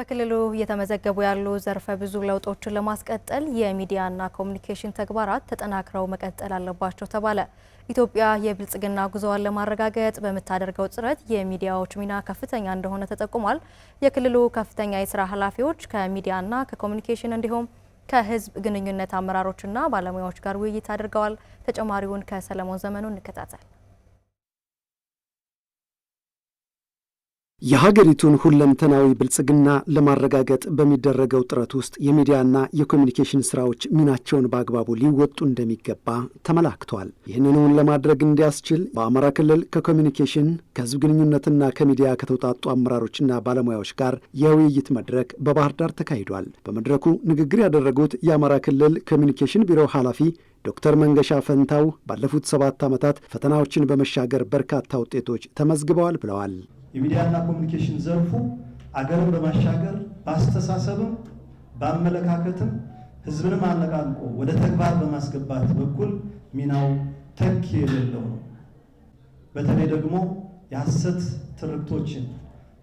በክልሉ እየተመዘገቡ ያሉ ዘርፈ ብዙ ለውጦችን ለማስቀጠል የሚዲያና ኮሚኒኬሽን ተግባራት ተጠናክረው መቀጠል አለባቸው ተባለ። ኢትዮጵያ የብልጽግና ጉዞዋን ለማረጋገጥ በምታደርገው ጥረት የሚዲያዎች ሚና ከፍተኛ እንደሆነ ተጠቁሟል። የክልሉ ከፍተኛ የስራ ኃላፊዎች ከሚዲያና ከኮሚኒኬሽን እንዲሁም ከህዝብ ግንኙነት አመራሮችና ባለሙያዎች ጋር ውይይት አድርገዋል። ተጨማሪውን ከሰለሞን ዘመኑ እንከታተል። የሀገሪቱን ሁለንተናዊ ብልጽግና ለማረጋገጥ በሚደረገው ጥረት ውስጥ የሚዲያና የኮሚኒኬሽን ስራዎች ሚናቸውን በአግባቡ ሊወጡ እንደሚገባ ተመላክቷል። ይህንኑን ለማድረግ እንዲያስችል በአማራ ክልል ከኮሚኒኬሽን ከህዝብ ግንኙነትና ከሚዲያ ከተውጣጡ አመራሮችና ባለሙያዎች ጋር የውይይት መድረክ በባህር ዳር ተካሂዷል። በመድረኩ ንግግር ያደረጉት የአማራ ክልል ኮሚኒኬሽን ቢሮ ኃላፊ ዶክተር መንገሻ ፈንታው ባለፉት ሰባት ዓመታት ፈተናዎችን በመሻገር በርካታ ውጤቶች ተመዝግበዋል ብለዋል። የሚዲያና ኮሚኒኬሽን ዘርፉ አገርን በማሻገር በአስተሳሰብም በአመለካከትም ህዝብንም አነቃንቆ ወደ ተግባር በማስገባት በኩል ሚናው ተኪ የሌለው ነው። በተለይ ደግሞ የሐሰት ትርክቶችን፣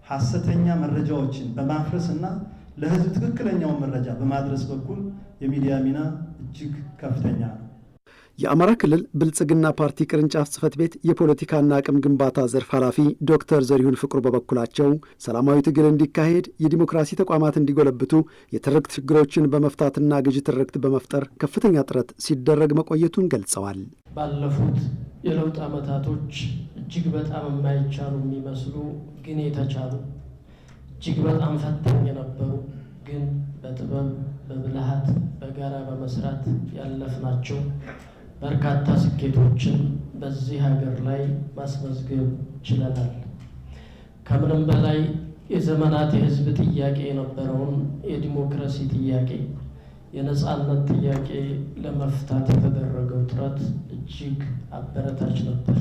ሐሰተኛ መረጃዎችን በማፍረስ እና ለህዝብ ትክክለኛውን መረጃ በማድረስ በኩል የሚዲያ ሚና እጅግ ከፍተኛ ነው። የአማራ ክልል ብልጽግና ፓርቲ ቅርንጫፍ ጽህፈት ቤት የፖለቲካና አቅም ግንባታ ዘርፍ ኃላፊ ዶክተር ዘሪሁን ፍቅሩ በበኩላቸው ሰላማዊ ትግል እንዲካሄድ፣ የዲሞክራሲ ተቋማት እንዲጎለብቱ፣ የትርክት ችግሮችን በመፍታትና ግዥ ትርክት በመፍጠር ከፍተኛ ጥረት ሲደረግ መቆየቱን ገልጸዋል። ባለፉት የለውጥ ዓመታቶች እጅግ በጣም የማይቻሉ የሚመስሉ ግን የተቻሉ እጅግ በጣም ፈታኝ የነበሩ ግን በጥበብ በብልሃት በጋራ በመስራት ያለፍናቸው በርካታ ስኬቶችን በዚህ ሀገር ላይ ማስመዝገብ ችለናል። ከምንም በላይ የዘመናት የህዝብ ጥያቄ የነበረውን የዲሞክራሲ ጥያቄ፣ የነጻነት ጥያቄ ለመፍታት የተደረገው ጥረት እጅግ አበረታች ነበር።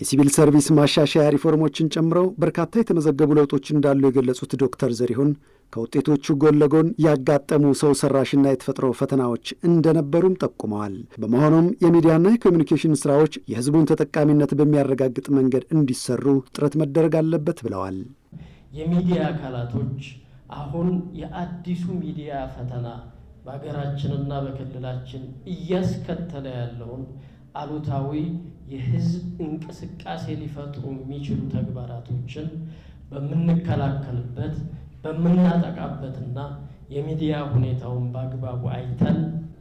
የሲቪል ሰርቪስ ማሻሻያ ሪፎርሞችን ጨምረው በርካታ የተመዘገቡ ለውጦች እንዳሉ የገለጹት ዶክተር ዘሪሁን ከውጤቶቹ ጎን ለጎን ያጋጠሙ ሰው ሰራሽና የተፈጥሮ ፈተናዎች እንደነበሩም ጠቁመዋል። በመሆኑም የሚዲያና የኮሚኒኬሽን ስራዎች የህዝቡን ተጠቃሚነት በሚያረጋግጥ መንገድ እንዲሰሩ ጥረት መደረግ አለበት ብለዋል። የሚዲያ አካላቶች አሁን የአዲሱ ሚዲያ ፈተና በሀገራችንና በክልላችን እያስከተለ ያለውን አሉታዊ የህዝብ እንቅስቃሴ ሊፈጥሩ የሚችሉ ተግባራቶችን በምንከላከልበት በምናጠቃበትና የሚዲያ ሁኔታውን በአግባቡ አይተን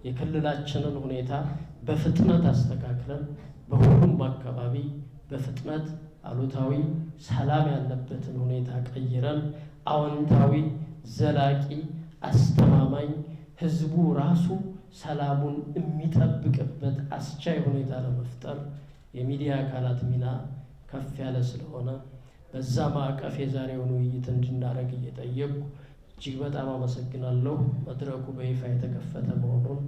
የክልላችንን ሁኔታ በፍጥነት አስተካክለን በሁሉም አካባቢ በፍጥነት አሉታዊ ሰላም ያለበትን ሁኔታ ቀይረን አዎንታዊ፣ ዘላቂ፣ አስተማማኝ ህዝቡ ራሱ ሰላሙን የሚጠብቅበት አስቻይ ሁኔታ ለመፍጠር የሚዲያ አካላት ሚና ከፍ ያለ ስለሆነ በዛ ማዕቀፍ የዛሬውን ውይይት እንድናደርግ እየጠየቅኩ እጅግ በጣም አመሰግናለሁ። መድረኩ በይፋ የተከፈተ መሆኑን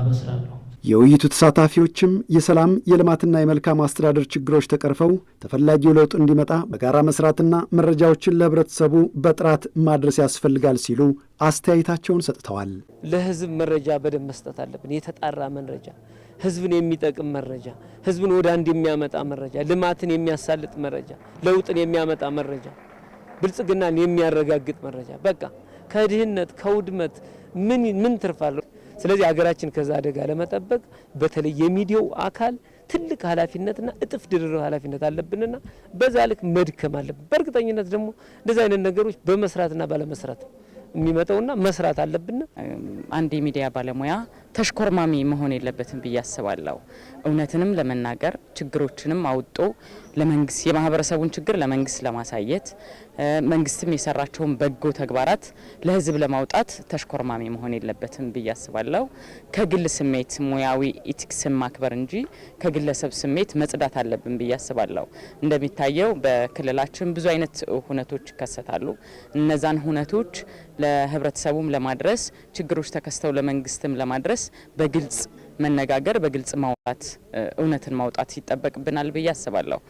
አበስራለሁ። የውይይቱ ተሳታፊዎችም የሰላም የልማትና የመልካም አስተዳደር ችግሮች ተቀርፈው ተፈላጊው ለውጥ እንዲመጣ በጋራ መስራትና መረጃዎችን ለህብረተሰቡ በጥራት ማድረስ ያስፈልጋል ሲሉ አስተያየታቸውን ሰጥተዋል። ለህዝብ መረጃ በደንብ መስጠት አለብን። የተጣራ መረጃ፣ ህዝብን የሚጠቅም መረጃ፣ ህዝብን ወደ አንድ የሚያመጣ መረጃ፣ ልማትን የሚያሳልጥ መረጃ፣ ለውጥን የሚያመጣ መረጃ፣ ብልጽግናን የሚያረጋግጥ መረጃ በቃ ከድህነት ከውድመት ምን ምን ትርፋለሁ? ስለዚህ ሀገራችን ከዛ አደጋ ለመጠበቅ በተለይ የሚዲያው አካል ትልቅ ኃላፊነትና እጥፍ ድርብ ኃላፊነት አለብንና በዛ ልክ መድከም አለብን። በእርግጠኝነት ደግሞ እንደዚህ አይነት ነገሮች በመስራትና ባለመስራት የሚመጣውና መስራት አለብን። አንድ የሚዲያ ባለሙያ ተሽኮርማሚ መሆን የለበትም ብዬ አስባለሁ። እውነትንም ለመናገር ችግሮችንም አውጦ ለመንግስት የማህበረሰቡን ችግር ለመንግስት ለማሳየት መንግስትም የሰራቸውን በጎ ተግባራት ለህዝብ ለማውጣት ተሽኮርማሚ መሆን የለበትም ብዬ አስባለሁ። ከግል ስሜት ሙያዊ ኢቲክስን ማክበር እንጂ ከግለሰብ ስሜት መጽዳት አለብን ብዬ አስባለሁ። እንደሚታየው በክልላችን ብዙ አይነት ሁነቶች ይከሰታሉ። እነዛን ሁነቶች ለህብረተሰቡም ለማድረስ ችግሮች ተከስተው ለመንግስትም ለማድረስ ድረስ በግልጽ መነጋገር፣ በግልጽ ማውጣት፣ እውነትን ማውጣት ይጠበቅብናል ብዬ አስባለሁ።